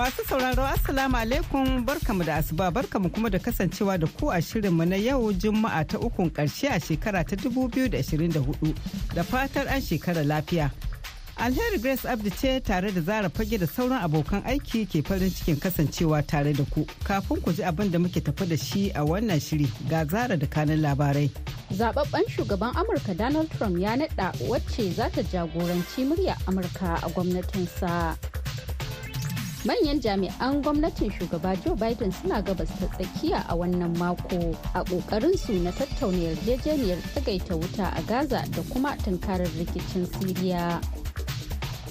Masu sauraro Assalamu alaikum barkamu da asuba barkamu kuma da kasancewa da ku a shirin mu na yau Juma'a ta ukun karshe a shekara ta 2024 da fatar an shekara lafiya. Alheri Grace Abdi ce tare da Zara Fage da sauran abokan aiki ke farin cikin kasancewa tare da ku. Kafin ku ji abin da muke tafi da shi a wannan shiri ga Zara da kanin labarai. zababben shugaban amurka donald trump ya nada wacce za ta jagoranci murya amurka a gwamnatinsa manyan jami'an gwamnatin shugaba joe biden suna gabas ta tsakiya a wannan mako a ƙoƙarinsu na tattauna yarjejeniyar tsagaita wuta a gaza da kuma tunkarar rikicin siriya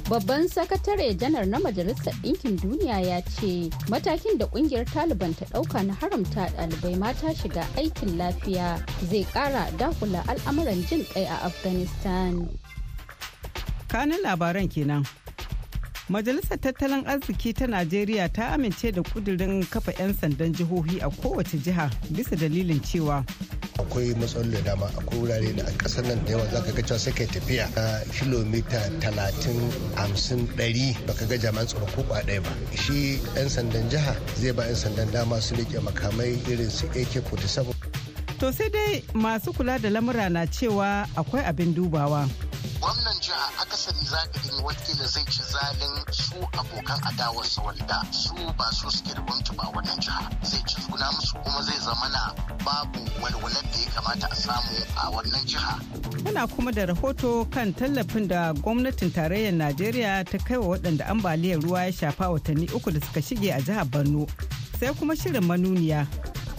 Babban sakatare janar na Majalisar Ɗinkin Duniya ya ce matakin da ƙungiyar Taliban ta ɗauka na haramta ɗalibai mata shiga aikin lafiya zai ƙara dakula al'amuran jin ƙai a Afghanistan. Kanin labaran kenan. Majalisar Tattalin Arziki ta Najeriya ta amince da kudirin kafa 'yan sandan jihohi a kowace jiha bisa dalilin cewa akwai matsaloli da dama akwai wurare da a ƙasar nan da yawa za ka ga sai kai tafiya a kilomita talatin hamsin ɗari ka ga jami'an tsaro ko kwa ba shi 'yan sandan jiha zai ba 'yan sandan dama su riƙe makamai irin su ak-47 to sai dai masu kula da lamura na cewa akwai abin dubawa gwamnan jiha akasari za ka gani wakila zai ci zalin su abokan adawarsa wanda su ba su suke da gwamnati ba wannan jiha zai ci zuguna musu kuma zai zamana babu walwalar da ya kamata a samu a wannan jiha. Muna kuma da rahoto kan tallafin da gwamnatin tarayyar Najeriya ta kai wa waɗanda ambaliyar ruwa ya shafa watanni uku da suka shige a jihar Borno. Sai kuma shirin manuniya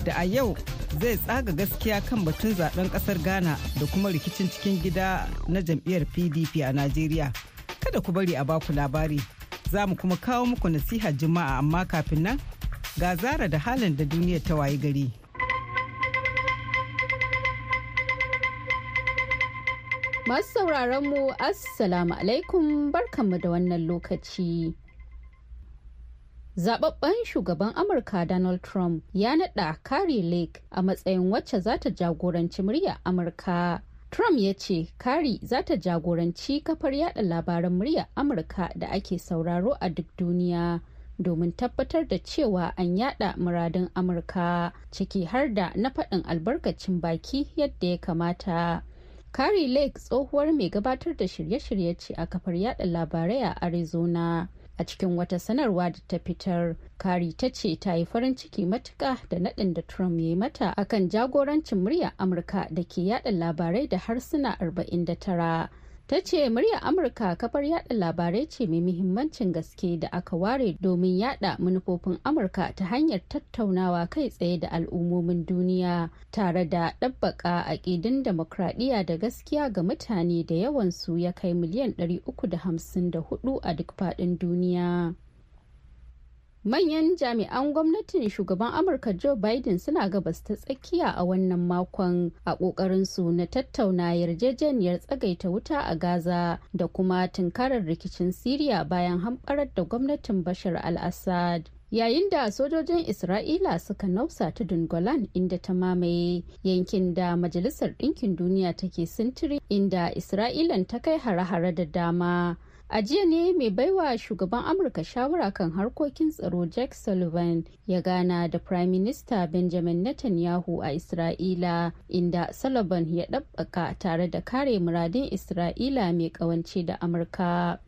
da a yau zai tsaga gaskiya kan batun zaben kasar ghana da kuma rikicin cikin gida na jam'iyyar pdp a najeriya kada ku bari a baku labari za mu kuma kawo muku nasihar juma'a amma kafin nan ga zara da halin da duniyar ta wayi gari masu sauraron mu assalamu alaikum barkanmu da wannan lokaci zababben shugaban amurka donald trump ya nada kari lake a matsayin wacce za ta jagoranci murya amurka trump ya ce kari za ta jagoranci kafar yada labaran murya amurka da ake sauraro a duk duniya domin tabbatar da cewa an yada muradin amurka ciki har da na faɗin albarkacin baki yadda ya kamata kari lake tsohuwar mai gabatar da shirye-shirye ce a kafar yada labarai a arizona a cikin wata sanarwa da ta fitar kari ta ce ta yi farin ciki matuka da naɗin da trump ya yi mata akan jagorancin murya amurka da ke yada labarai da harsuna 49 ta ce "Murya amurka kafar yada labarai ce mai muhimmancin gaske da aka ware domin yada manufofin amurka ta hanyar tattaunawa kai tsaye da al'ummomin duniya tare da ɗabbaka aƙidin demokradiyya da gaskiya ga mutane da yawansu ya kai miliyan 354 a duk faɗin duniya manyan jami'an gwamnatin shugaban amurka joe biden suna gabas ta tsakiya a wannan makon a su na tattauna yarjejeniyar tsagaita wuta a gaza da kuma tunkarar rikicin Syria bayan hamɓarar da gwamnatin bashar al-assad yayin da sojojin isra'ila suka nausa ta dungolan inda ta mamaye yankin da majalisar ɗinkin duniya take sintiri inda isra'ilan ta kai hare-hare da dama A jiya ne mai baiwa shugaban Amurka shawara kan harkokin tsaro Jack Sullivan ya gana da Prime Minister Benjamin Netanyahu a Isra'ila inda Sullivan ya ɗabbaka tare da kare muradin Isra'ila mai kawance da Amurka.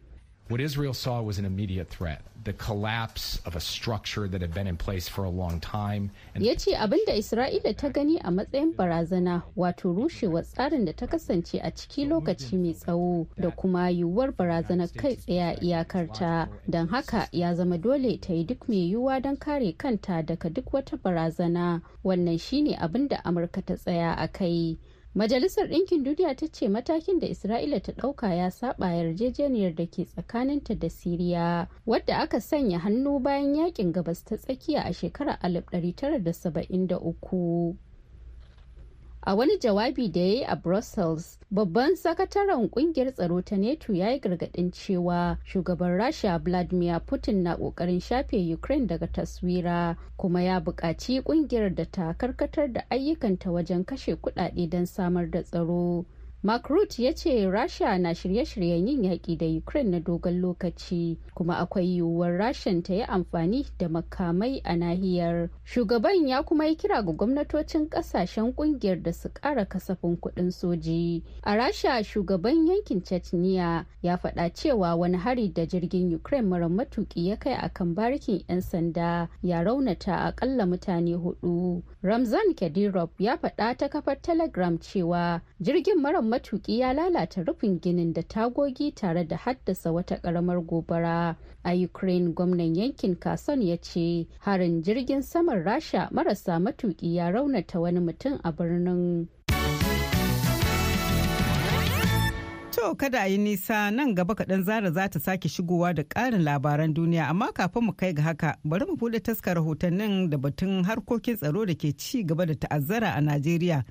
What Israel saw was an immediate threat. The collapse of a structure that had been in place for a long time. Ya ce abin da Isra'ila ta gani a matsayin barazana wato rushewar tsarin da ta kasance a ciki lokaci mai tsawo da kuma yiwuwar barazanar kai tsaye iyakarta. Don haka ya zama dole ta yi duk mai yiwuwa don kare kanta daga duk wata barazana. Wannan shine abin da Amurka ta tsaya a kai. Majalisar Ɗinkin Duniya ta ce matakin da Isra'ila ta ɗauka ya saba yarjejeniyar da ke tsakaninta da Siriya, wadda aka sanya hannu bayan yakin gabas ta tsakiya a shekarar 1973. a wani jawabi da ya yi a brussels babban sakataren kungiyar tsaro ta neto ya yi gargadin cewa shugaban rasha vladimir putin na kokarin shafe ukraine daga taswira kuma ya buƙaci kungiyar da ta karkatar da ayyukanta wajen kashe kudade don samar da tsaro Mark ya ce Rasha na shirye-shiryen yin yaƙi da Ukraine na dogon lokaci kuma akwai yiwuwar Rashan ta yi amfani da makamai a nahiyar. Shugaban ya kuma yi kira ga gwamnatocin ƙasashen ƙungiyar da su ƙara kasafin kuɗin soji. A Rasha shugaban yankin Chechnya ya faɗa cewa wani hari da jirgin Ukraine mara matuki ya kai akan barikin 'yan sanda ya raunata aƙalla mutane huɗu. Ramzan Kadyrov ya faɗa ta kafar Telegram cewa jirgin mara matuƙi ya lalata rufin ginin da tagogi tare da haddasa wata karamar gobara a ukraine gwamnan yankin kason ya ce harin jirgin saman rasha marasa matuƙi ya raunata wani mutum a birnin To kada a yi nisa nan gaba kaɗan zara za ta sake shigowa da ƙarin labaran duniya amma kafin mu kai ga haka bari mu buɗe taskar rahotannin da batun harkokin tsaro da ke ci gaba da ta'azzara a Najeriya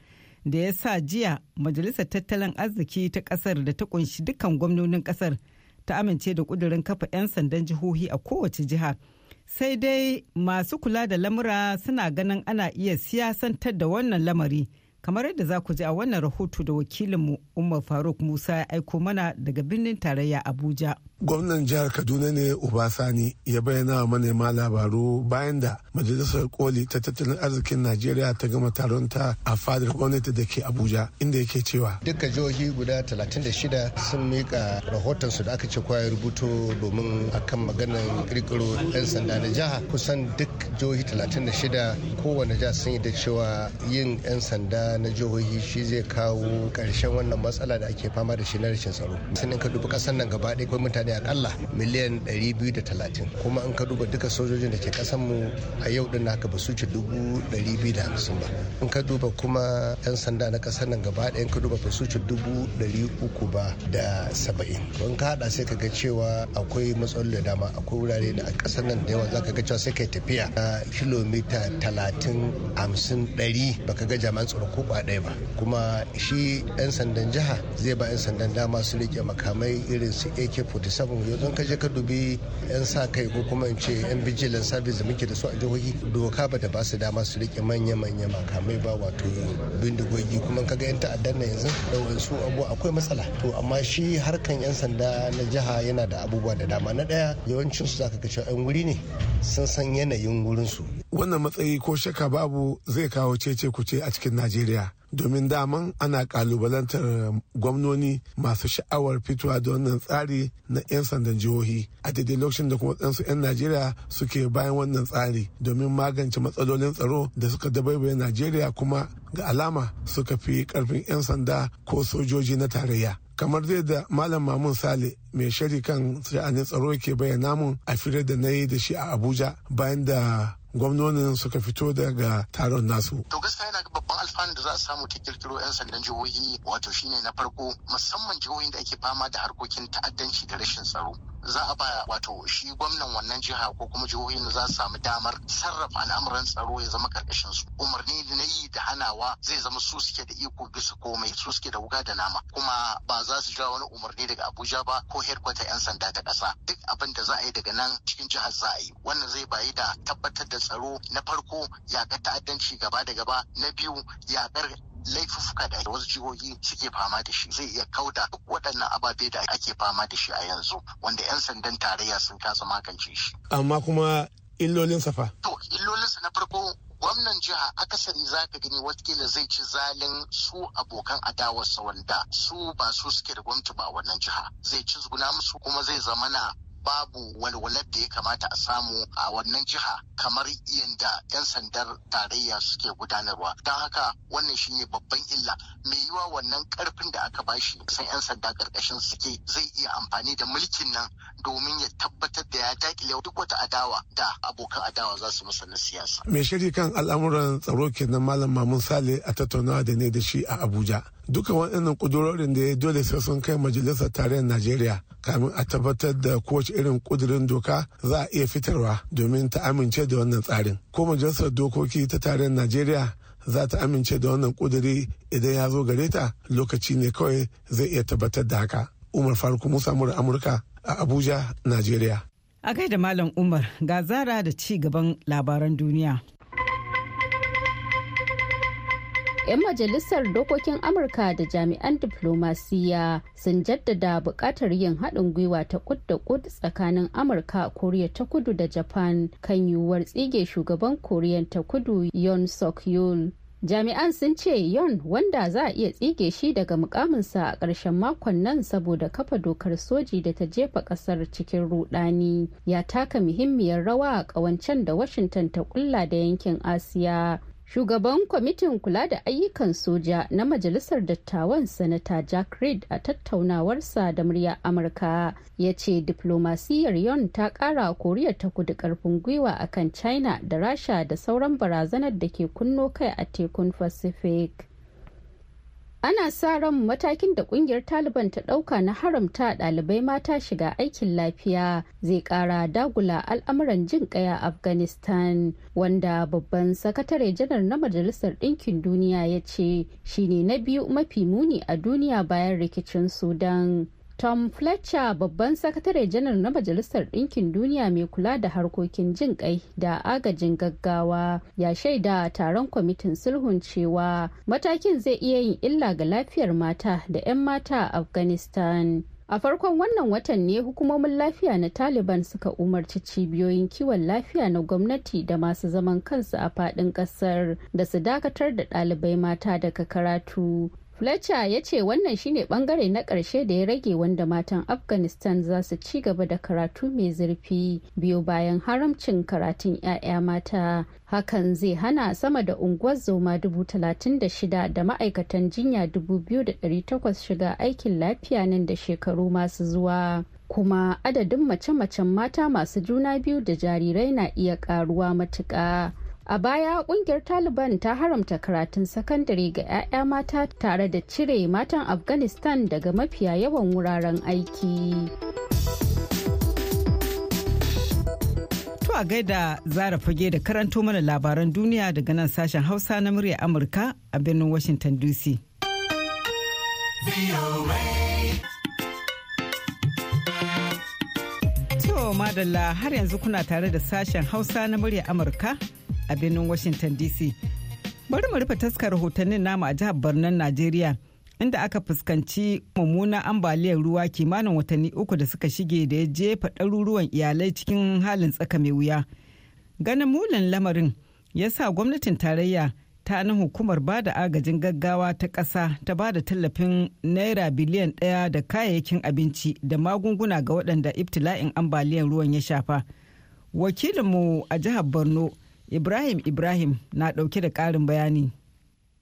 da ya sa jiya majalisar tattalin arziki ta kasar da ta kunshi dukkan gwamnonin kasar ta amince da kudirin kafa 'yan sandan jihohi a kowace jiha sai dai masu kula da lamura suna ganin ana iya siyasantar da wannan lamari kamar yadda za ku ji a wannan rahoto da wakilinmu umar faruk musa ya aiko mana daga birnin tarayya abuja gwamnan jihar kaduna ne obasani ya bayyana wa manema labaru bayan da majalisar koli ta tattalin arzikin najeriya ta gama taron ta a fadar gwamnati da ke abuja inda yake cewa duka jihohi guda 36 sun mika su da aka ce kwaya rubuto domin akan maganar kirkiro 'yan sanda na jiha kusan duk jihohi 36 kowane jiha sun yi da cewa yin 'yan sanda na jihohi shi zai kawo karshen wannan matsala da ake fama da shi na rashin tsaro sannan ka dubi kasar nan gaba ɗaya mutane da akalla miliyan 230 kuma in ka duba duka sojojin da ke kasanmu a yau din haka ba su ci dubu 250 ba in ka duba kuma 'yan sanda na kasar nan gaba ɗaya in ka duba ba su ci dubu 300 ba da 70 in ka hada sai ka ga cewa akwai matsaloli da dama akwai wurare da a kasar nan da yawa za ka ga cewa sai kai tafiya a kilomita 30 50 ba baka ga jami'an tsaro ko ɗaya ba kuma shi 'yan sandan jiha zai ba 'yan sandan dama su rike makamai irin su ak-47 saboda yanzu ka je ka dubi yan sa kai ko kuma in ce yan bijilan sabis da muke da su a jihohi doka bata ba su dama su rike manya-manya makamai ba wato bindigogi kuma kaga yan ta'addan na yanzu da wasu abu akwai matsala to amma shi harkan yan sanda na jiha yana da abubuwa da dama na daya yawancin su zaka ga cewa yan wuri ne sun san yanayin wurin su wannan matsayi ko shaka babu zai kawo cece kuce a cikin Najeriya domin daman ana kalubalantar eh, gwamnoni masu sha'awar fitowa da wannan tsari na 'yan sandan jihohi a daidai lokacin da kuma tsansu 'yan najeriya suke bayan wannan tsari domin magance matsalolin tsaro da suka dabaibaye najeriya kuma ga alama suka fi karfin 'yan sanda ko sojoji na tarayya kamar dai da malam mamun sale mai shari kan sha'anin tsaro ke bayyana mun a fira da na yi da shi a abuja bayan da gwamnonin suka fito daga taron nasu. To gaskiya yana alfanu da za a samu ta kirkiro 'yan sandan jihohi wato shine na farko musamman jihohin da ake fama da harkokin ta'addanci da rashin tsaro za a ba wato shi gwamnan wannan jiha ko kuma jihohin za su samu damar sarrafa al'amuran tsaro ya zama karkashin su umarni na yi da hanawa zai zama su suke da iko bisa komai su suke da wuga da nama kuma ba za su jira wani umarni daga abuja ba ko herkwata yan sanda ta ƙasa duk abin da za a yi daga nan cikin jihar za a yi wannan zai bayi da tabbatar da tsaro na farko yaƙar ta'addanci gaba da gaba na biyu yaƙar laifuffuka da wasu jihohi suke fama da shi zai iya kauda waɗannan ababe da ake fama da shi a yanzu wanda 'yan sandan tarayya sun kasa magance shi. Amma kuma illolinsa fa? To illolinsa na farko gwamnan jiha akasari za ka gani watakila zai ci zalin su abokan adawarsa wanda su ba su suke da gwamnati ba wannan jiha zai ci zuguna musu kuma zai zamana babu walwalar da ya kamata a samu a wannan jiha kamar yadda 'yan sandar tarayya suke gudanarwa don haka wannan shi ne babban illa mai yiwa wannan karfin da aka bashi san 'yan sanda karkashin suke zai iya amfani da mulkin nan domin ya tabbatar da ya dakile duk wata adawa da abokan adawa za su masa na siyasa. Mai shiri kan al'amuran tsaro kenan Malam Mamun Sale a tattaunawa da ne da shi a Abuja. duka waɗannan ƙudurorin da ya dole sai sun kai majalisar tarayyar najeriya kamin a tabbatar da kowace irin ƙudurin doka za a iya fitarwa domin ta amince da wannan tsarin ko majalisar dokoki ta tarayyar najeriya za ta amince da wannan ƙuduri idan ya zo gare ta lokaci ne kawai zai iya tabbatar da haka umar faruk musa mura amurka a abuja najeriya a gaida malam umar ga zara da ci gaban labaran duniya 'yan majalisar dokokin amurka da jami'an diflomasiyya sun jaddada buƙatar yin haɗin gwiwa ta kud da kud tsakanin amurka koriya ta kudu da japan kan yiwuwar tsige shugaban koriya ta kudu yon sok yul jami'an sun ce yon wanda za a iya tsige shi daga mukaminsa a ƙarshen makon nan saboda kafa dokar soji da ta jefa ƙasar cikin rudani ya taka muhimmiyar rawa a ƙawancen da washington ta kulla da yankin asiya Shugaban kwamitin kula da ayyukan soja na Majalisar Dattawan Sanata Jack Reed a tattaunawarsa da murya Amurka ya ce diplomasiyyar Yon ta kara Koriya ta kudu karfin gwiwa akan China da Rasha da sauran barazanar da ke kunno kai a tekun Pacific. ana sa ran matakin da kungiyar taliban ta dauka na haramta dalibai mata shiga aikin lafiya zai kara dagula al'amuran jin kaya afghanistan wanda babban sakatare janar na majalisar ɗinkin duniya ya ce shine na biyu mafi muni a duniya bayan rikicin sudan Tom Fletcher babban sakatare janar na Majalisar Ɗinkin Duniya mai kula da harkokin jin kai da agajin gaggawa ya shaida taron kwamitin sulhun cewa matakin zai iya yin illa ga lafiyar mata da 'yan mata a Afghanistan. A farkon wannan watan ne hukumomin lafiya na Taliban suka umarci cibiyoyin kiwon lafiya na gwamnati da masu zaman kansu a faɗin ƙasar, da su dakatar da ɗalibai mata daga karatu Fletcher ya ce wannan shine bangare na karshe da ya rage wanda matan Afghanistan za su ci gaba da karatu mai zurfi biyo bayan haramcin karatun 'ya'ya mata. Hakan zai hana sama da unguwar zoma dubu talatin da shida da ma'aikatan jinya dubu biyu da ɗari takwas shiga aikin lafiya nan da shekaru masu zuwa. Kuma adadin mace-macen mata masu juna biyu da jarirai na iya karuwa matuƙa. A baya kungiyar Taliban ta haramta karatun sakandare ga 'ya'ya mata tare da cire matan Afghanistan daga mafiya yawan wuraren aiki. To a gaida zara fage da karanto mana labaran duniya daga nan sashen Hausa na murya Amurka a birnin Washington DC. To madalla har yanzu kuna tare da sashen Hausa na murya Amurka a birnin Washington DC. Bari mu rufe taskar rahotannin namu a jihar Barnan Najeriya. inda aka fuskanci mummunan ambaliyar ruwa kimanin watanni uku da suka shige da ya jefa ɗaruruwan iyalai cikin halin tsaka mai wuya ganin mulan lamarin ya sa gwamnatin tarayya ta na hukumar ba da agajin gaggawa ta ƙasa ta ba da tallafin naira biliyan ɗaya da kayayyakin abinci da magunguna ga waɗanda ibtila'in ambaliyar ruwan ya shafa wakilinmu a jihar borno Ibrahim Ibrahim na ɗauke da ƙarin bayani.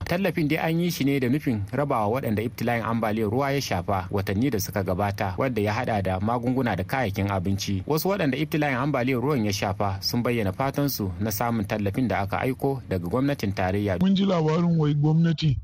tallafin dai an yi shi ne da nufin rabawa waɗanda ibtila'in ambaliyar ruwa ya shafa watanni da suka gabata wadda ya hada da magunguna da kayayyakin abinci wasu waɗanda ibtila'in ambaliyar ruwan ya shafa sun bayyana fatan su na samun tallafin da aka aiko daga gwamnatin tarayya mun ji labarin wai gwamnati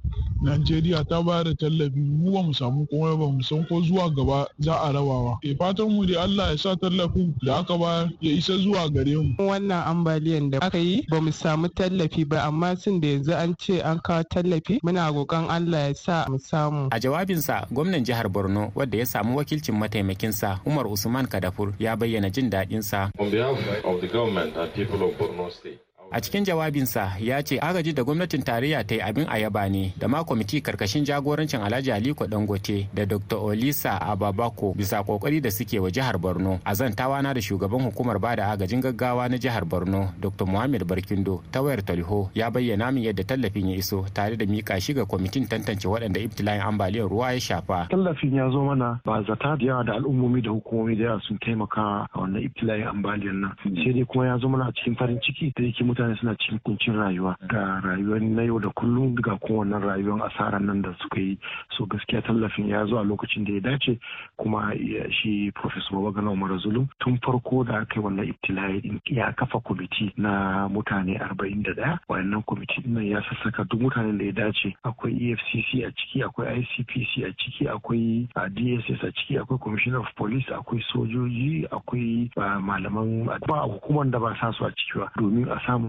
Najeriya ta ba da tallafi mu ba mu samu kuma ba mu san ko zuwa gaba za a rabawa. E eh, fatan mu dai Allah ya sa tallafin da aka ba ya isa zuwa gare mu. Wannan ambaliyan da aka yi ba mu samu tallafi ba amma sun da yanzu an ce an kawo tallafi muna roƙon Allah ya sa mu samu. A jawabinsa gwamnan jihar Borno wadda ya samu wakilcin mataimakinsa Umar Usman Kadafur ya bayyana jin daɗinsa. On behalf of the government and people of Borno state. A cikin jawabinsa ya ce agaji da gwamnatin tarayya ta yi abin a yaba ne da ma kwamiti karkashin jagorancin Alhaji Aliko Dangote da Dr. Olisa Ababako bisa kokari da suke wa jihar Borno. A zantawa na da shugaban hukumar bada agajin gaggawa na jihar Borno Dr. Muhammad Barkindo ta wayar talho ya bayyana min yadda tallafin ya iso tare da mika shi ga kwamitin tantance waɗanda ibtilayin ambaliyar ruwa ya shafa. Tallafin ya zo mana ba zata da yawa da al'ummomi da hukumomi da yawa sun taimaka a wannan ibtilayin ambaliyar nan. Sai dai kuma ya zo mana a cikin farin ciki da yake mutane suna cin kuncin rayuwa ga rayuwar na yau da kullum ga kowanne rayuwar asarar nan da suka yi so gaskiya tallafin ya zo a lokacin da ya dace kuma shi professor Gana umar Zulu tun farko da aka yi wannan ibtila'i din ya kafa kwamiti na mutane arba'in da ɗaya wayannan kwamiti nan ya sassaka duk mutanen da ya dace akwai efcc a ciki akwai icpc a ciki akwai dss a ciki akwai commissioner of police akwai sojoji akwai malaman ba hukumar da ba sa su a ciki ba domin a samu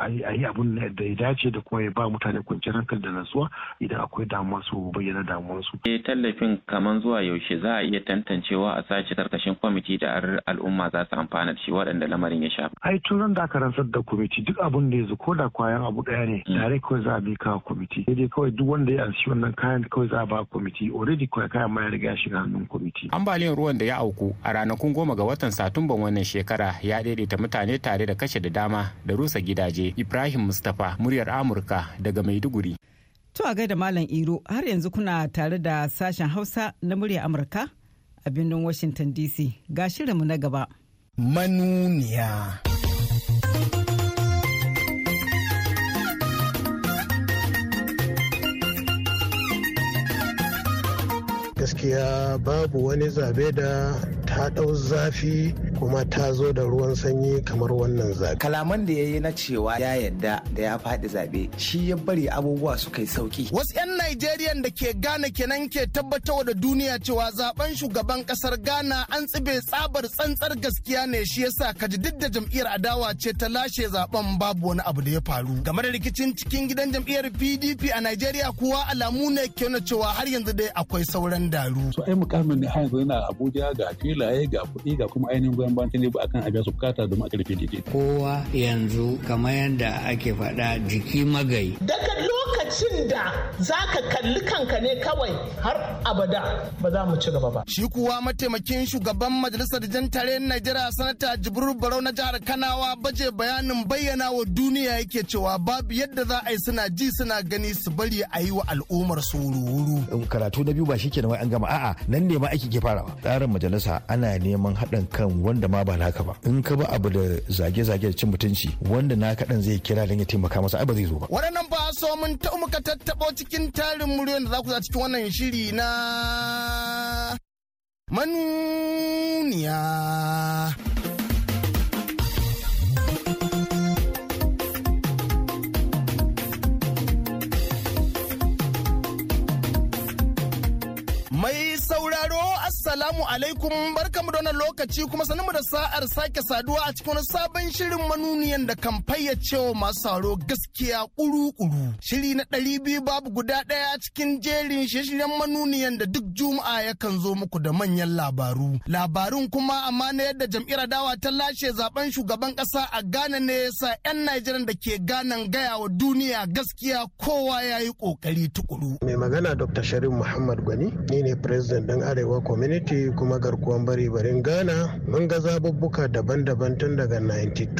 Ayi a yi abin da ya dace da kuma ya ba mutane kwanciyar hankali da nasuwa idan akwai damuwa su bayyana damuwarsu. Eh, tallafin kaman zuwa yaushe za a iya tantancewa a sace karkashin kwamiti da al'umma za su amfana da shi waɗanda lamarin ya shafa. ai turan da aka rantsar da kwamiti duk abin da ya zo ko da kwayan abu ɗaya ne mm. tare kawai za a bi kawo kwamiti sai dai kawai duk wanda ya anshi wannan kayan kawai za a ba kwamiti already kawai kayan ma ya riga shiga hannun kwamiti. ambaliyar ruwan da ya auku a ranakun goma ga watan satumban wannan shekara ya daidaita mutane tare da kashe da dama da rusa rusa gidaje ibrahim mustapha muryar amurka daga maiduguri to a gaida malam iro har yanzu kuna tare da sashen hausa na muryar amurka a birnin washington dc ga shirinmu na gaba manuniya gaskiya babu wani zabe da ta dau zafi kuma ta zo da ruwan sanyi kamar wannan zafi. Kalaman da ya yi na cewa ya yadda da ya faɗi zaɓe shi ya bari abubuwa suka yi sauki. Wasu 'yan Najeriyan da ke Ghana kenan ke tabbatarwa da duniya cewa zaben shugaban ƙasar Ghana an tsibe tsabar tsantsar gaskiya ne shi yasa ka ji duk da jam'iyyar adawa ce ta lashe zaben babu wani abu da ya faru. Game da rikicin cikin gidan jam'iyyar PDP a Najeriya kuwa alamu ne ke cewa har yanzu dai akwai sauran daru. So ai mukamin ne yanzu yana Abuja ga filaye ga kuɗi ga kuma ainihin goyon bayan ba akan a su bukata domin a karfe daidai. kowa yanzu kamar yadda ake faɗa jiki magai. daga lokacin da za ka kalli kanka ne kawai har abada ba za mu ci gaba ba. shi kuwa mataimakin shugaban majalisar jan tare najeriya sanata jibril barau na jihar kanawa baje bayanin bayyana wa duniya yake cewa babu yadda za a yi suna ji suna gani su bari a yi wa al'ummar su wuru-wuru. karatu na biyu ba shi kenan wai an gama a'a nan ne ma aiki ke farawa tsarin majalisa ana neman haɗin kan wanda ma ba naka ba in ka ba abu da zage-zage da cin mutunci wanda na kaɗan zai kira don ya taimaka masa ba zai zo ba waɗannan ba so mun ta muka tattaɓo cikin tarin muryoyin da za ku za cikin wannan shiri na manuniya Assalamu alaikum barkamu da wannan lokaci kuma sanin da sa'ar sake saduwa a cikin sabon shirin manuniyan da kan fayyacewa masu sauro gaskiya kuru-kuru. Shiri na ɗari biyu babu guda ɗaya cikin jerin shirin manuniyan da duk juma'a yakan zo muku da manyan labaru. Labarun kuma amma na yadda jam'iyyar dawa ta lashe zaben shugaban ƙasa a Ghana ne yasa 'yan Najeriya da ke Ghana gaya wa duniya gaskiya kowa ya yi ƙoƙari tukuru. Mai magana Dr. Sharif Muhammad Gwani, ni ne President ɗan Arewa Community kuma garkuwan bari barin ghana mun ga zabubbuka daban-daban tun daga 92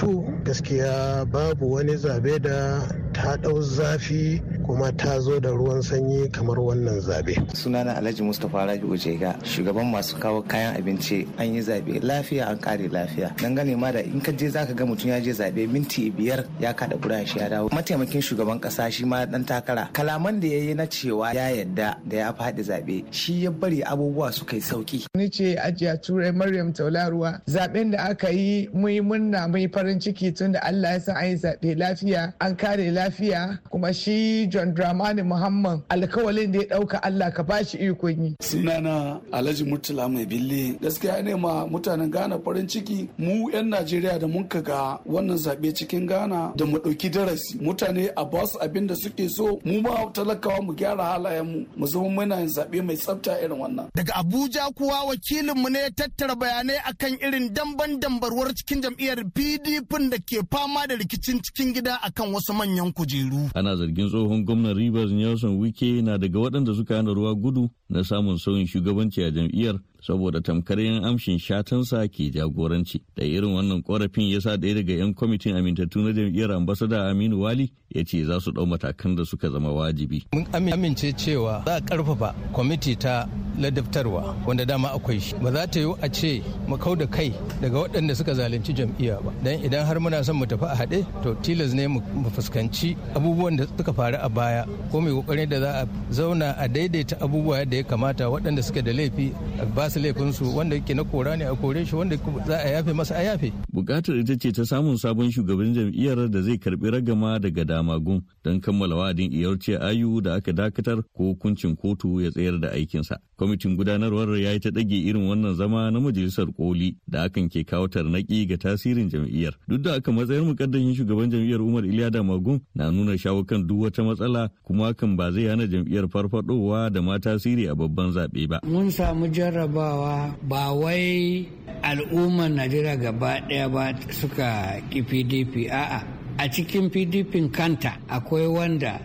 gaskiya babu wani zabe da ta ɗau zafi kuma ta zo da ruwan sanyi kamar wannan zabe sunana alhaji mustapha rabi ojega shugaban masu kawo kayan abinci an yi zabe lafiya an kare lafiya dangane ma da in ka je zaka ga mutum ya je zabe minti biyar ya kada kura shi ya dawo mataimakin shugaban kasa shi ma dan takara kalaman da ya yi na cewa ya yadda da ya faɗi zabe shi ya bari abubuwa suka yi sauki Ni ce ajiya turai Maryam Taularuwa zaben da aka yi mai munna mai farin ciki tun da Allah ya san an yi zaɓe lafiya an kare lafiya kuma shi John Dramani Muhammad alkawalin da ya ɗauka Allah ka bashi ikon yi. Sunana Alhaji Murtala mai bille gaskiya ne ma mutanen Ghana farin ciki mu 'yan Najeriya da mun ga wannan zaɓe cikin Ghana da mu ɗauki darasi mutane a ba su abin da suke so mu ma talakawa mu gyara halayen mu mu zama muna yin zaɓe mai tsafta irin wannan. Daga Abuja kuwa ma wakilinmu ne ya tattara bayanai akan irin damban dambarwar cikin jam'iyyar PDP da ke fama da rikicin cikin gida akan wasu manyan kujeru. Ana zargin tsohon gwamnan Rivers Nelson Wike na daga waɗanda suka hana ruwa gudu na samun sauyin shugabanci a jam'iyyar saboda tamkar yan amshin shatansa ke jagoranci da irin wannan korafin ya sa ɗaya daga 'yan kwamitin amintattu na jam'iyyar ambasada aminu wali ya ce za su ɗau matakan da suka zama wajibi mun amince cewa za a ƙarfafa kwamiti ta ladabtarwa wanda dama akwai shi ba za ta yiwu a ce mu kau da kai daga waɗanda suka zalunci jam'iyya ba dan idan har muna son mu tafi a haɗe to tilas ne mu fuskanci abubuwan da suka faru a baya ko mai kokarin da za a zauna a daidaita abubuwa da ya kamata waɗanda suka da laifi a ba nasu laifinsu wanda ke na kora ne a kore shi wanda za a yafe masa a yafe. Bukatar ita ce ta samun sabon shugaban jam'iyyar da zai karbi ragama daga damagun don kammala wa'adin iyarce ayu da aka dakatar ko hukuncin kotu ya tsayar da aikinsa. Kwamitin gudanarwar ya yi ta dage irin wannan zama na majalisar koli da akan ke kawo tarnaƙi ga tasirin jam'iyyar. Duk da aka matsayar mukaddashin shugaban jam'iyyar Umar Iliya Damagun na nuna shawo kan duk wata matsala kuma hakan ba zai hana jam'iyyar farfadowa da ma tasiri a babban zaɓe ba. Mun samu jarraba jarabawa ba wai al'ummar najeriya gaba daya ba suka ki pdp a'a a cikin pdp kanta akwai wanda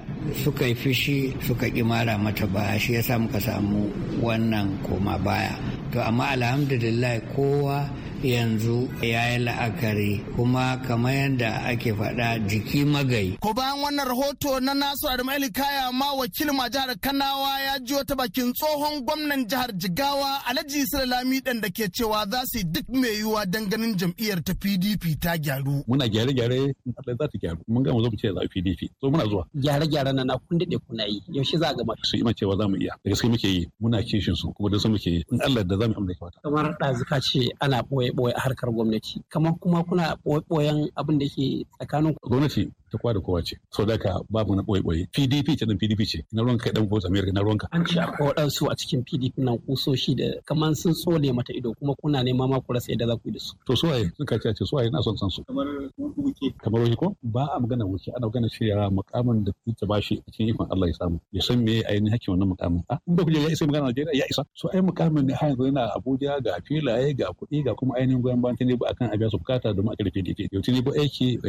suka yi fishi suka ƙi mara mata ba shi ya yasa muka samu wannan koma baya to amma alhamdulillah kowa yanzu ya yi la'akari kuma kamar yadda ake faɗa jiki magai. Ko bayan wannan rahoto na Nasu Adamu Kaya ma wakilin ma jihar Kanawa ya ji wata bakin tsohon gwamnan jihar Jigawa Alhaji Lami ɗan da ke cewa za su duk mai yiwuwa don ganin jam'iyyar ta PDP ta gyaru. Muna gyare-gyare za ta gyaru mun gama zuwa ce za PDP so muna zuwa. Gyare-gyare na na kun daɗe kuna yi yaushe za a gama. Su ima cewa za mu iya da gaske muke yi muna kishin su kuma da su muke yi in Allah da za mu amince wata. Kamar ɗazuka ce ana ɓoye ɓoye a harkar gwamnati kamar kuma kuna ɓoye-ɓoyen abin da ke tsakanin gwamnati ta kwa da kowa ce so daga babu na boye-boye pdp ce dan pdp ce na ruwanka dan vote america na ruwanka an ci akwai waɗansu a cikin pdp nan kusoshi da kamar sun tsole mata ido kuma kuna neman ma ku rasa yadda za ku yi da su to suwaye sun kace ce suwaye na son san su kamar wuce kamar wuce ko ba a magana wuce ana magana cewa mukamin da ta bashi a cikin ikon Allah ya samu ya san me ainihin hakkin wannan mukamin a ah, in ba ku ya isa magana Najeriya ya isa so ai mukamin ne har yanzu yana Abuja ga filaye ga kuɗi ga kuma ainihin goyon bayan Tinubu akan a biya su bukata domin a karfe DP yau Tinubu aiki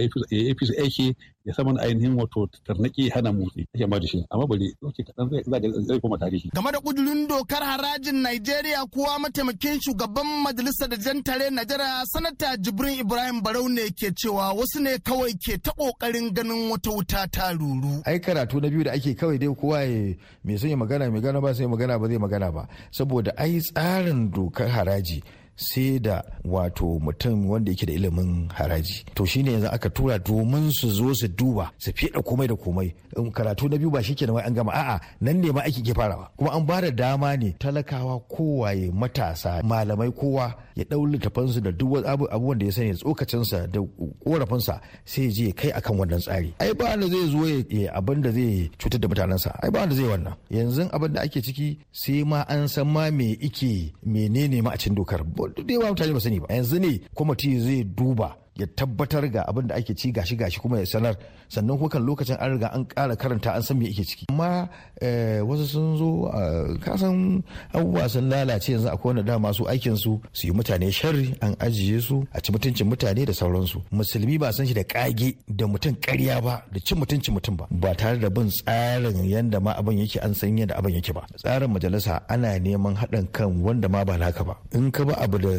APC aiki ya sama ainihin wato tarnaki hana motsi a ma shi amma bari lokaci kadan zai zai koma tarihi. game da kudurin dokar harajin Najeriya kuwa mataimakin shugaban majalisar da jan tare Najeriya sanata Jibrin Ibrahim Barau ne ke cewa wasu ne kawai ke ta kokarin ganin wata wuta ta ruru. ai karatu na biyu da ake kawai dai kowa ya mai son ya magana mai gano ba sai magana ba zai magana ba saboda ai tsarin dokar haraji sai da wato mutum wanda yake da ilimin haraji to shine yanzu aka tura domin su zo su duba su fiɗa komai da komai karatu na biyu ba shike wai an gama a'a nan ne ma ake ke farawa kuma an ba da dama ne talakawa kowaye matasa malamai kowa ya ɗau littafansu da duk abubuwan da ya sani tsokacinsa da korafinsa sai je kai akan wannan tsari ai ba wanda zai zo ya abin da zai cutar da mutanensa ai ba wanda zai wannan yanzu abin da ake ciki sai ma an san ma me ike menene ma a cikin dokar duk da mutane ba sani ba yanzu ne kwamiti zai duba ya tabbatar ga abin da ake ci gashi gashi kuma ya sanar sannan kuma kan lokacin an riga an ƙara karanta an san me ake ciki amma eh, wasu sun zo eh, ka san abubuwa sun lalace yanzu akwai wanda dama su aikin su su yi mutane sharri an ajiye su a ci mutuncin mutane da sauransu musulmi ba san shi da kage da mutum ƙarya ba da cin mutuncin mutum ba ba tare da bin tsarin yanda ma abin yake an san yanda abin yake ba tsarin majalisa ana neman haɗin kan wanda ma ba naka ba in ka ba abu da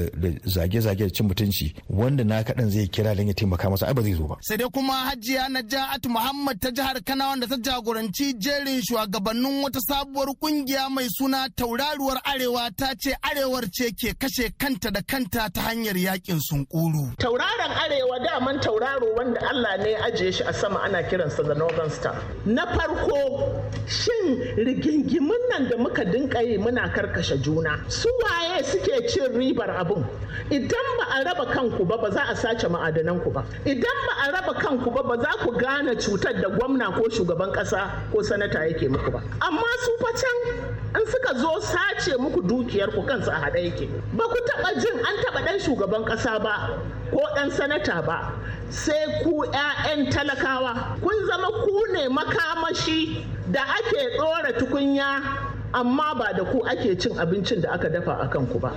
zage-zage da cin mutunci wanda naka ɗin zai zai kira don ya taimaka masa ai ba zai zo ba sai dai kuma hajiya naja'atu muhammad ta jihar kano wanda ta jagoranci jerin shugabannin wata sabuwar kungiya mai suna tauraruwar arewa ta ce arewar ce ke kashe kanta da kanta ta hanyar yakin sunkuru tauraron arewa daman tauraro wanda allah ne ajiye shi a sama ana kiransa da northern star na farko shin rigingimin nan da muka dinka yi muna karkashe juna su waye suke cin ribar abun idan ba a raba kanku ba ba za a sace ma'adanan ku ba idan ba a raba kanku ba ba za ku gane cutar da gwamna ko shugaban kasa ko sanata yake muku ba amma su fa can in suka zo sace muku dukiyar ku kansu a haɗa yake ba ku taba jin an taɓa ɗan shugaban kasa ba ko ɗan sanata ba sai ku 'ya'yan talakawa kun zama ku ne makamashi da ake ɗora tukunya amma ba da ku ake cin abincin da aka dafa a kanku ba.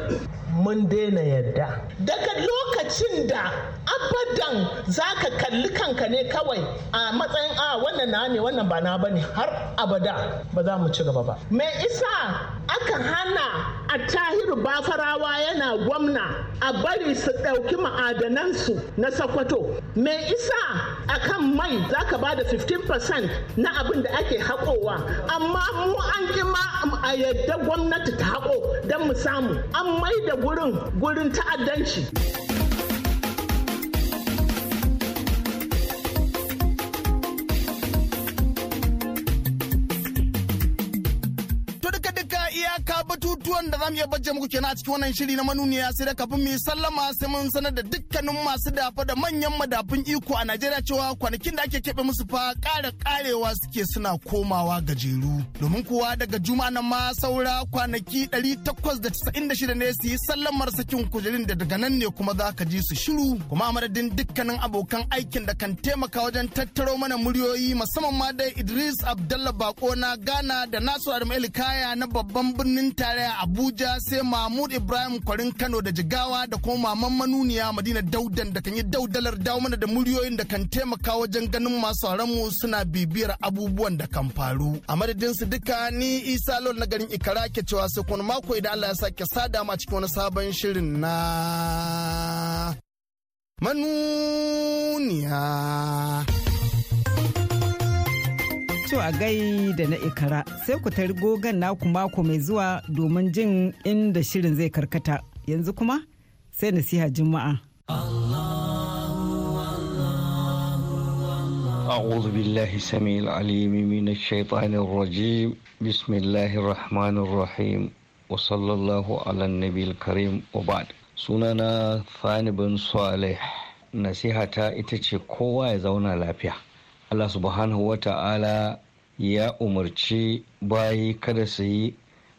Mun daina yadda. Daga lokacin da abadan za ka kalli kanka ne kawai a matsayin a ah, wannan na ne wannan ba na ba ne har abada ba za mu ci gaba ba me isa aka hana a tahiru bafarawa yana gwamna a bari su ɗauki ma'adanansu na sakwato me isa a kan mai za ka ba da 15% na abin da ake haƙowa amma mu an ma a yadda gwamnati ta haƙo don mu samu an mai da gurin gurin ta'addanci. za mu iya bajje muku kenan a cikin wannan shiri na manuniya sai da kafin mu yi sallama sai mun sanar da dukkanin masu dafa da manyan madafun iko a Najeriya cewa kwanakin da ake keɓe musu fa ƙara ƙarewa suke suna komawa gajeru. Domin kuwa daga juma'a nan ma saura kwanaki 896 ne su yi sallamar sakin kujerin da daga nan ne kuma za ka ji su shiru kuma a madadin dukkanin abokan aikin da kan taimaka wajen tattaro mana muryoyi musamman ma da Idris Abdallah Bako na Ghana da Nasu Adamu Kaya na babban birnin tarayya Abuja. Abuja sai Mahmud Ibrahim Kwarin Kano da Jigawa da kuma Maman Manuniya Madina Daudan da kan yi daudalar dawo mana da muryoyin da kan taimaka wajen ganin masu mu suna bibiyar abubuwan da kan faru. A madadin su duka ni Isa Lol na garin Ikara ke cewa sai kuma mako idan Allah ya sake sada ma cikin wani sabon shirin na manuniya. To a gai da na ikara sai ku tari gogan naku mako mai zuwa domin jin inda shirin zai karkata. Yanzu kuma sai nasiha juma'a. أعوذ بالله السميع العليم من الشيطان الرجيم بسم الله الرحمن الرحيم وصلى الله على النبي الكريم وبعد sunana fani bin saleh nasihata ita ce kowa ya zauna lafiya allah subhanahu wa ta'ala ya umarci bayi kada su yi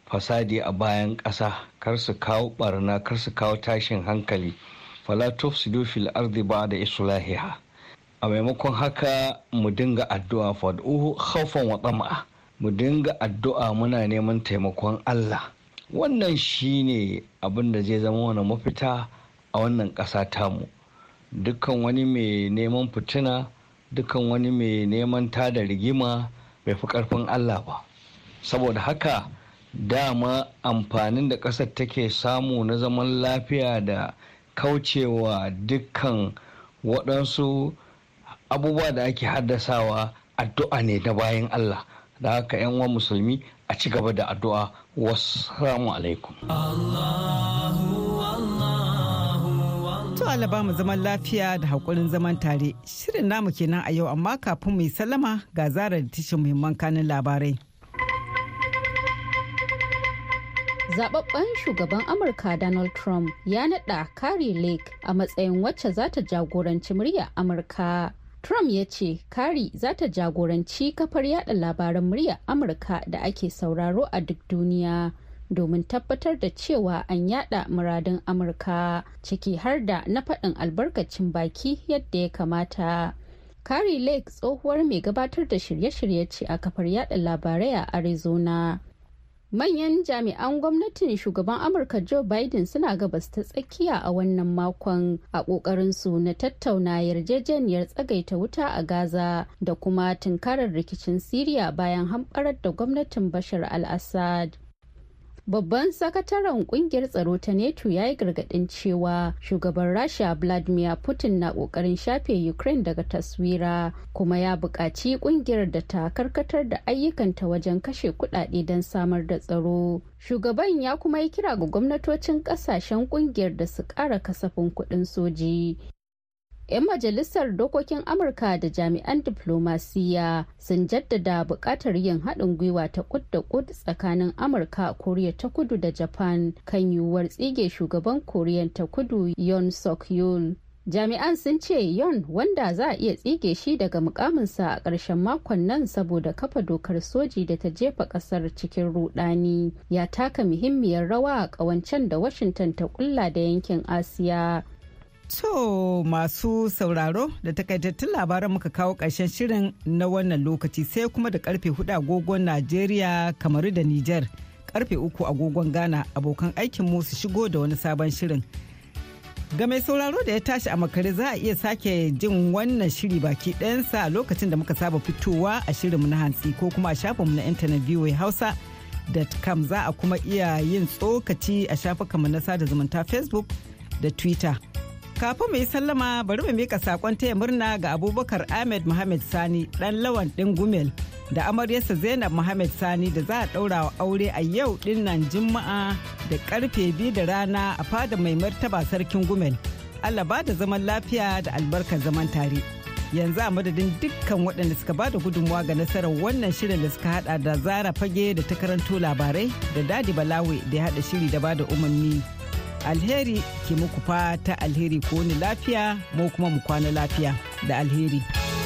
fasadi a bayan ƙasa kar su kawo barna kar su kawo tashin hankali fala tufsidu fil ardi ba da isulahiha a maimakon haka mu dinga addu'a fad'uhu khawfan wa tama'a mu dinga addu'a muna neman taimakon Allah wannan shine abin da zai zama wani mafita a wannan ƙasa tamu dukkan wani mai neman fitina dukkan wani mai neman tada rigima bai fi karfin Allah ba saboda haka dama amfanin da ƙasar take samu na zaman lafiya da kaucewa dukkan waɗansu abubuwa da ake haddasawa addu'a ne na bayan Allah da haka 'yan uwan musulmi a ci gaba da addu'a wasu alaikum. Allahu Allah ba zaman lafiya da haƙurin zaman tare. Shirin namu kenan a yau amma kafin mu yi sallama ga zarar tashin muhimman kanin labarai. zababben shugaban amurka donald trump ya naɗa kari lake a matsayin wacce za ta jagoranci murya amurka trump ya ce kari za ta jagoranci kafar yada labaran murya amurka da ake sauraro a duk duniya domin tabbatar da cewa an yada muradun amurka ciki har da na faɗin albarkacin baki yadda ya kamata Kari Lake tsohuwar mai gabatar da shirye-shirye ce a kafar yada labarai a Arizona. Manyan jami'an gwamnatin shugaban Amurka Joe Biden suna gabas ta tsakiya a wannan makon a su na tattauna yarjejeniyar tsagaita wuta a Gaza da kuma tunkarar rikicin Siriya bayan hamɓarar da gwamnatin Bashar al-Assad. babban sakataren kungiyar tsaro ta NATO ya yi gargadin cewa shugaban rasha vladimir putin na kokarin shafe ukraine daga taswira kuma ya buƙaci kungiyar da ta karkatar da ayyukanta wajen kashe kudade don samar da tsaro shugaban ya kuma yi kira ga gwamnatocin ƙasashen kungiyar da su ƙara kasafin kuɗin soji 'yan majalisar dokokin amurka da jami'an diflomasiya sun jaddada buƙatar yin haɗin gwiwa ta kud da kud tsakanin amurka koriya ta kudu da japan kan yiwuwar tsige shugaban koriya ta kudu yon sok yul jami'an sun ce yon wanda za a iya tsige shi daga mukaminsa a ƙarshen makon nan saboda kafa dokar soji da ta jefa ƙasar cikin rudani ya taka muhimmiyar rawa a ƙawancen da washington ta kulla da yankin asiya To masu sauraro da takaitattun labaran muka kawo ƙarshen shirin na wannan lokaci sai kuma da karfe hudu agogon Najeriya kamaru da Nijar karfe uku agogon Ghana abokan aikin mu su shigo da wani sabon shirin. Ga mai sauraro da ya tashi a makare za a iya sake jin wannan shiri baki ɗayansa a lokacin da muka saba fitowa a shirinmu na hantsi ko kuma a shafinmu na intanet VOA Hausa. com za a kuma iya yin tsokaci a shafukanmu na sada zumunta facebook da twitter Kafin mu yi sallama bari mu mika sakon taya murna ga Abubakar Ahmed Muhammad Sani dan lawan din Gumel da amaryarsa Zainab Muhammad Sani da za a daura wa aure a yau din nan Juma'a da karfe biyu da rana a fada mai martaba sarkin Gumel. Allah ba da zaman lafiya da albarkar zaman tare. Yanzu a madadin dukkan waɗanda suka ba da gudunmawa ga nasarar wannan shirin da suka hada da Zara Fage da ta karanto labarai da Dadi Balawe da ya haɗa shiri da ba da umarni. alheri ke muku fata alheri ko ni lafiya mu kuma mu kwana lafiya da alheri.